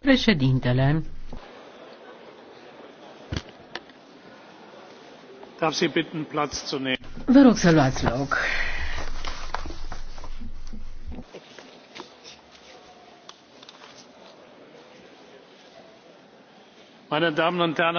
Președintele. Vă rog să luați loc. Meine Damen und Herren,